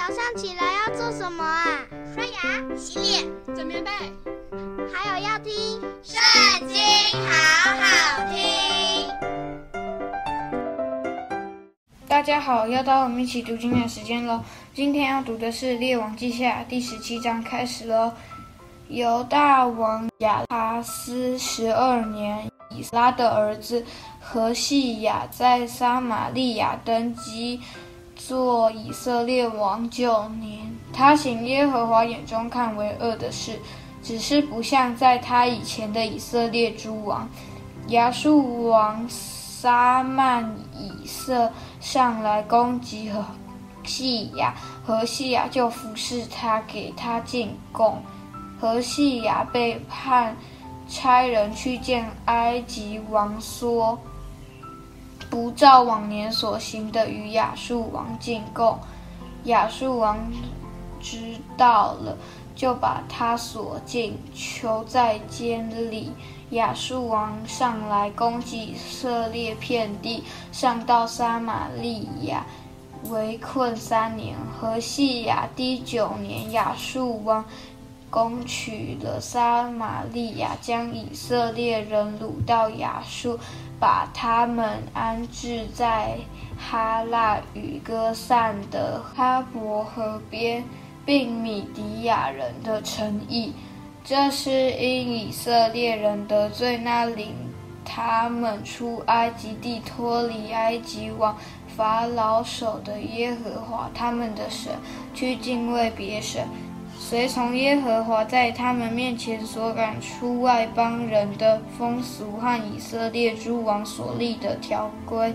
早上起來要做什麼啊？刷牙、洗臉、整棉被，還有要聽《聖經》，好好聽。大家好，又到我們一起讀經的時間了。今天要讀的是《列王記下》第十七章，開始了。猶大王亞哈斯十二年，以拉的兒子何細亞在撒瑪利亞登基。作以色列王九年，他行耶和華眼中看為惡的事，只是不像在他以前的以色列諸王，亞述王撒縵以色上來攻擊何細亞，何細亞就服事他，給他進貢。何細亞背叛，差人去見埃及王梭。不照往年所行的，與亞述王進貢。亞述王知道了，就把他鎖禁，囚在監裡。亞述王上來攻擊以色列遍地，上到撒瑪利亞，圍困三年。何細亞第九年，亞述王。攻取了撒瑪利亞，將以色列人擄到亞述，把他們安置在哈臘與歌散的哈博河邊，並米底亞人的城邑。這是因以色列人得罪那領他們出埃及地、脫離埃及王法老手的耶和華，他們的神，去敬畏別神。隨從耶和華在他們面前所趕出外邦人的風俗和以色列諸王所立的條規，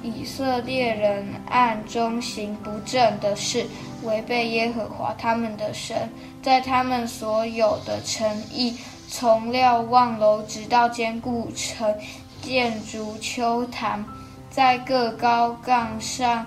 以色列人暗中行不正的事，違背耶和華他們的神，在他們所有的城邑，從瞭望樓直到堅固城，建築邱壇，在各高崗上。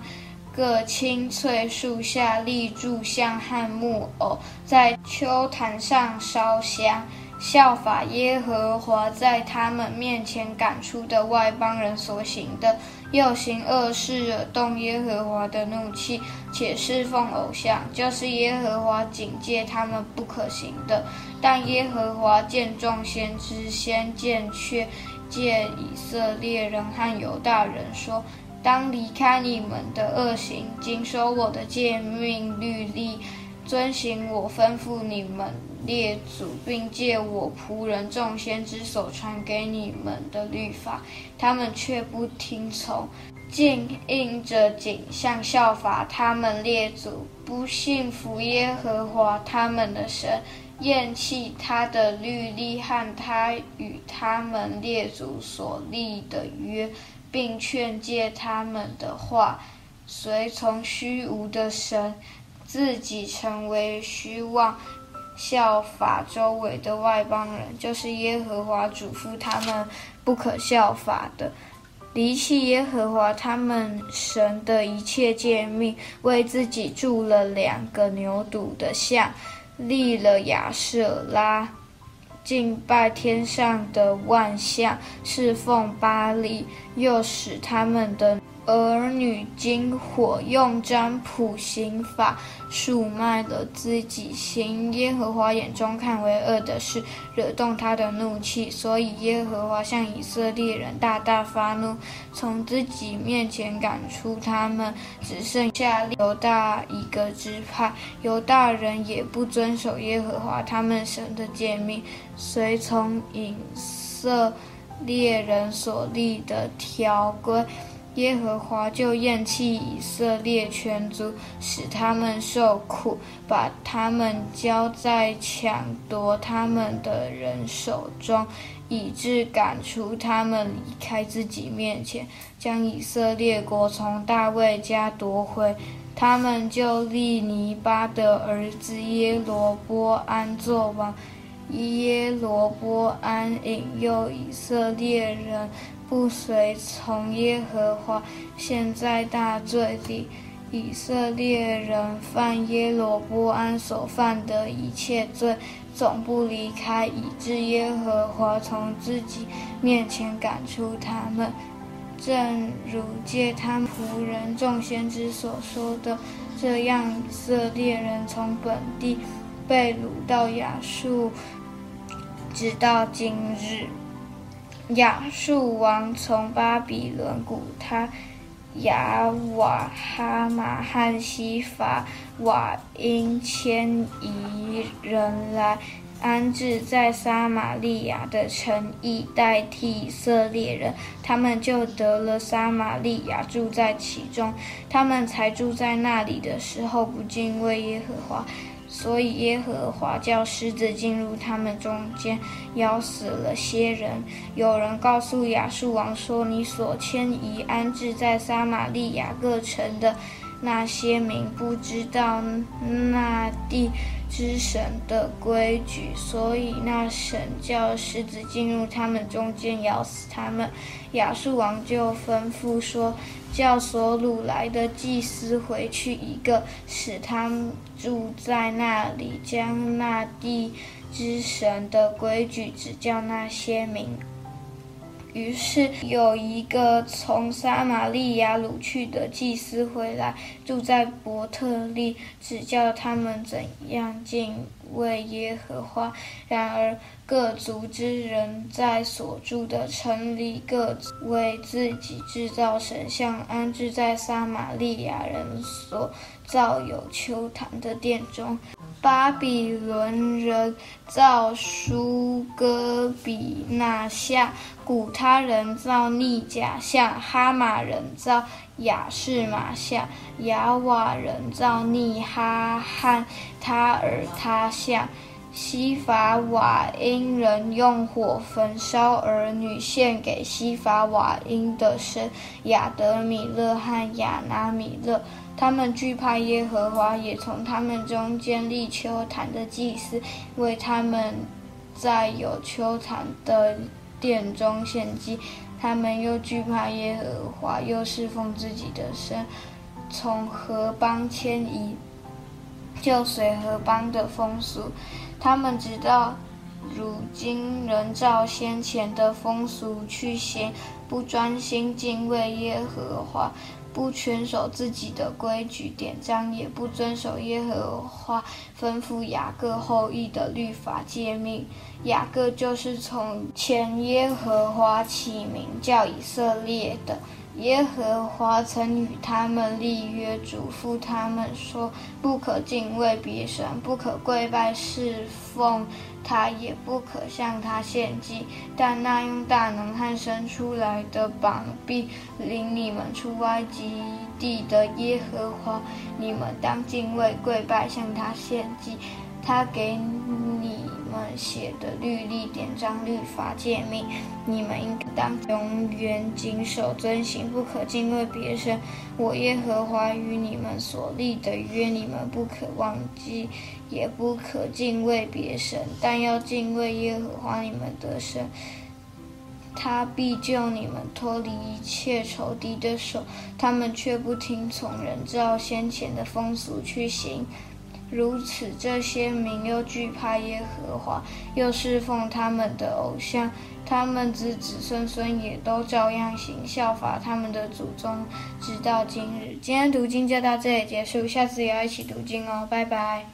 各青翠樹下立柱像和木偶，在邱壇上燒香，效法耶和華在他們面前趕出的外邦人所行的，又行惡事，惹動耶和華的怒氣，且事奉偶像，就是耶和華警戒他們不可行的。但耶和華藉眾先知先見，勸戒以色列人和猶大人說。當離開你們的惡行，謹守我的誡命律例，遵行我吩咐你們列祖，並借我僕人眾先知所傳給你們的律法。他們卻不聽從，竟硬著頸項，效法他們列祖，不信服耶和華他們的神，厭棄他的律例和他與他們列祖所立的約。並勸誡他們的話，隨從虛無的神，自己成為虛妄，效法周圍的外邦人，就是耶和華囑咐他們不可效法的，離棄耶和華他們神的一切誡命，為自己鑄了兩個牛犢的像，立了亞舍拉。敬拜天上的萬象，侍奉巴力，又使他們的兒女、經火用占卜，行法術賣了自己，行耶和華眼中看為惡的事，惹動他的怒氣，所以耶和華向以色列人大大發怒，從自己面前趕出他們，只剩下猶大一個支派。猶大人也不遵守耶和華他們神的誡命，隨從以色列人所立的條規。耶和華就厭棄以色列全族，使他們受苦，把他們交在搶奪他們的人手中，以致趕出他們，離開自己面前，將以色列國從大衛家奪回。他們就立尼八的兒子耶羅波安作王。耶羅波安引誘以色列人。不隨從耶和華，陷在大罪裡。以色列人犯耶羅波安所犯的一切罪，總不離開，以致耶和華從自己面前趕出他們，正如藉他們僕人眾先知所說的，這樣，以色列人從本地被擄到亞述，直到今日。亞述王從巴比倫、古他、亞瓦、哈馬，和西法瓦音遷移人來，安置在撒瑪利亞的城邑，代替以色列人。他們就得了撒瑪利亞，住在其中。他們才住在那裡的時候，不敬畏耶和華。所以耶和華叫獅子進入他們中間，咬死了些人。有人告訴亞述王說：“你所遷移安置在撒瑪利亞各城的。”那些民不知道那地之神的規矩，所以那神叫獅子進入他們中間，咬死他們。亞述王就吩咐說，叫所擄來的祭司回去一個，使他住在那裡，將那地之神的規矩指教那些民。於是有一個從撒瑪利亞擄去的祭司回來，住在伯特利，指教他們怎樣敬畏耶和華。然而，各族之人在所住的城裡，各自為自己製造神像，安置在撒瑪利亞人所造有邱壇的殿中。巴比倫人造疏割比訥像，古他人造匿甲像，哈馬人造亞示瑪像，亞瓦人造匿哈和他珥他像。他西法瓦音人用火焚燒兒女，獻給西法瓦音的神亞得米勒和亞拿米勒。他們懼怕耶和華，也從他們中間立邱壇的祭司為他們，在有邱壇的殿中獻祭。他們又懼怕耶和華，又事奉自己的神。從何邦遷移，就隨何邦的風俗。他們直到如今仍照先前的風俗去行，不專心敬畏耶和華，不全守自己的規矩、典章，也不遵守耶和華吩咐雅各後裔的律法、誡命。雅各，就是從前耶和華起名叫以色列的。耶和華曾與他們立約，囑咐他們說：“不可敬畏別神，不可跪拜事奉他，也不可向他獻祭。但那用大能和伸出來的膀臂領你們出埃及地的耶和華，你們當敬畏、跪拜，向他獻祭。他給你。”寫的律例、典章、律法、誡命，你們應當永遠謹守遵行，不可敬畏別神。我耶和華與你們所立的約，你們不可忘記，也不可敬畏別神，但要敬畏耶和華你們的神。他必救你們脫離一切仇敵的手，他們卻不聽從，仍照先前的風俗去行。如此，這些民又懼怕耶和華，又侍奉他們的偶像，他們子子孫孫也都照樣行，效法他們的祖宗，直到今日。今天讀經就到這裡結束，下次也要一起讀經哦，拜拜。